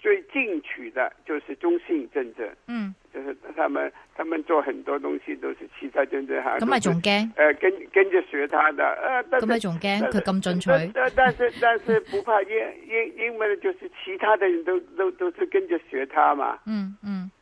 最進取的就是中信證券，嗯，就是他們，他們做很多東西都是其他證券。嚇、嗯，咁咪仲驚？誒怕、呃、跟跟着學他的，咁咪仲驚？佢咁進取，但是但是但是，但是不怕，因因因為就是其他的人都都都是跟着學他嘛，嗯嗯。嗯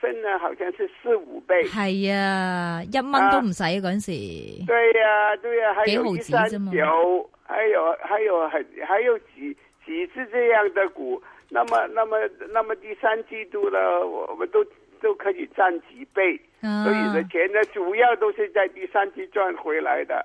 分呢好像是四五倍。係啊，一蚊都唔使嗰陣時。對呀，啊，對呀，啊，還有三九，還有還有很還有幾幾次這樣的股。那麼那麼那麼第三季度呢，我們都都可以賺幾倍。所以的呢，錢呢主要都是在第三季賺回來的。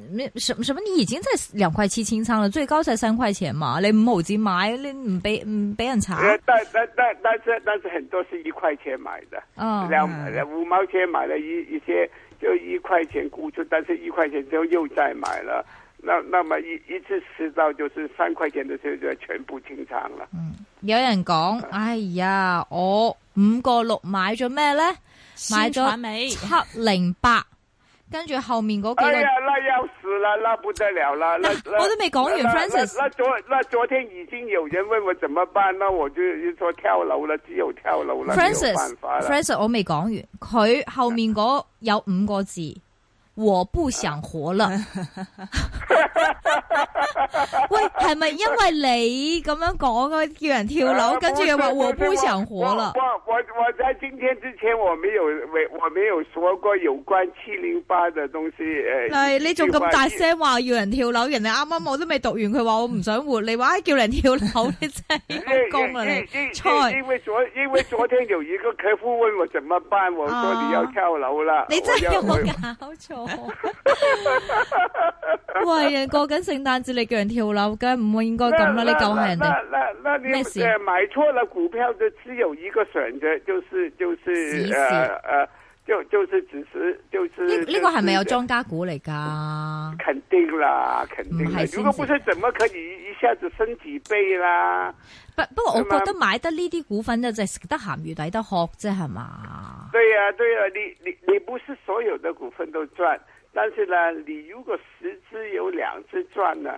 咩？什什麼？你已經在兩塊七清倉了，最高才三塊錢嘛？你五毫子買，你唔俾唔俾人查？但但但但但，但是很多是一塊錢買的，嗯、哦，五毛錢買了一一些，就一塊錢沽出，但是一塊錢之後又再買了，那那麼一一次吃到就是三塊錢的時候就全部清倉了。嗯，有人講，嗯、哎呀，我五個六買咗咩咧？買咗七零八，跟住後面嗰幾個、哎。不得了啦！啊、那我都未講完那，Francis 那那。那昨那昨天已經有人問我怎麼辦，那我就說跳樓啦，只有跳樓啦，冇辦法啦 Francis，Francis，我未講完，佢後面嗰有五個字。我不想活了。喂，係咪因為你咁樣講，個叫人跳樓？啊、跟住又話，不我不想活了。我我我，我在今天之前，我沒有我沒有說過有關七零八嘅東西。係、呃、你仲咁大聲話要人跳樓？人哋啱啱我都未讀完，佢話我唔想活，你話叫人跳樓，你真係啊你？啊你你因為昨因為昨天有一個客戶問我怎麼辦，我說你要跳樓啦。啊、你真係好搞錯。 喂呀，過緊聖誕節你叫人跳樓，梗係唔會應該咁啦！那你救下那人哋家咩事，買錯了股票，就只有一個選擇，就是就是誒誒。事事啊啊就就是只是就是呢、這個係咪、這個、有莊家股嚟噶？肯定啦，肯定。唔係，如果不是，怎麼可以一下子升幾倍啦？不不過我，嗎我覺得買得呢啲股份呢，就係食得鹹魚抵得渴啫，係嘛？對啊，對啊，你你你不是所有的股份都賺，但是呢，你如果十隻有兩隻賺呢？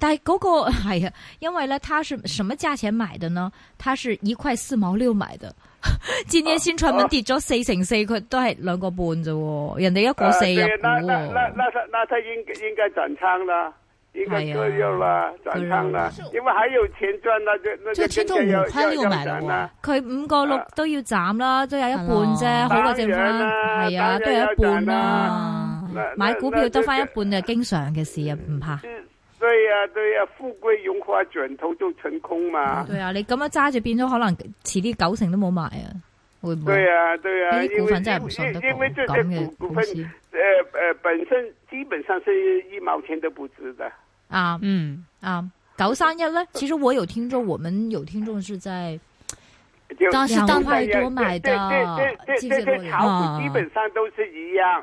但嗰個係啊，因為咧，他是什麼價錢買的呢？他是一塊四毛六買的。今年新傳媒跌咗四成四，佢都係兩個半啫。人哋一個四啊股。那那那那他那他應應該賺撐啦，應該都有啦，賺撐啦。因為還有錢賺，那那那都仲有賺人啊。佢五個六都要斬啦，都有一半啫，好過政府，係啊，都有一半啦。買股票得翻一半就經常嘅事啊，唔怕。對呀對呀，富貴榮華轉頭就成空嘛。對啊，你咁樣揸住，變咗可能遲啲九成都冇買啊，會唔會？對啊對啊，啲股份真係唔信得過。因為這些股股份，呃呃本身基本上是一毛錢都不值的。啊嗯啊，九三一呢？其實我有聽眾，我們有聽眾是在，當時兩塊多買的，基本上都係，基本上都是一樣。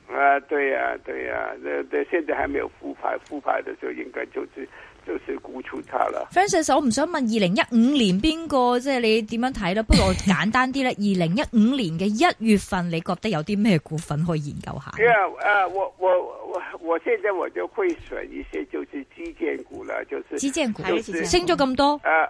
Uh, 對啊，對呀、啊，對呀，即係，現在還沒有復牌，復牌的時候應該就是就是沽出它了。Francis, 我唔想問二零一五年邊個，即係你點樣睇啦。不過我簡單啲咧，二零一五年嘅一月份，你覺得有啲咩股份可以研究下？啊、yeah, uh,，我我我，我現在我就會選一些，就是基建股啦，就是基建股，就是，基建，升咗咁多。Uh,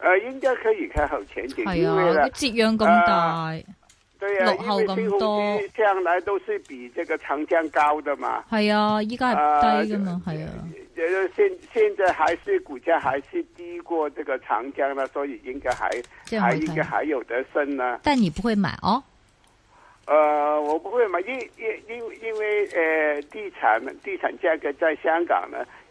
呃應該可以開好前景啲嘅、啊、啦。係啊，折讓咁大，對啊，落後咁多，向來都是比這個長江高的嘛。係啊，依家低噶嘛，係啊。現在、呃呃、現在還是股價還是低過這個長江啦，所以應該還還應該還有得升呢、啊、但你不會買哦？呃我不會買，因因因因為呃地產地產價格在香港呢。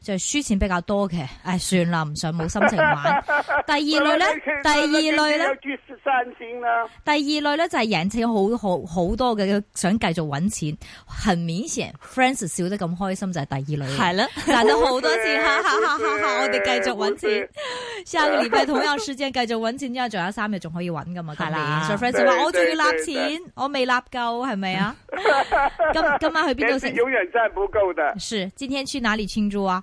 就係輸錢比較多嘅，唉算，算啦，唔想冇心情玩。 第二類咧，第二類咧 第二類咧就係、是、贏錢好，好好好多嘅，想繼續揾錢。很明顯 Francis 笑得咁開心就係、是、第二類。係啦， 賺咗好多錢，哈哈哈哈哈！我哋繼續揾錢，下個禮拜同樣時間繼續揾錢，之後仲有三日仲可以揾噶嘛。係啦 然 Francis 話我仲要納錢，對對對對我未納夠係咪啊？ 今今晚去邊度食？永遠賺不夠的。是，今天去哪裏慶祝啊？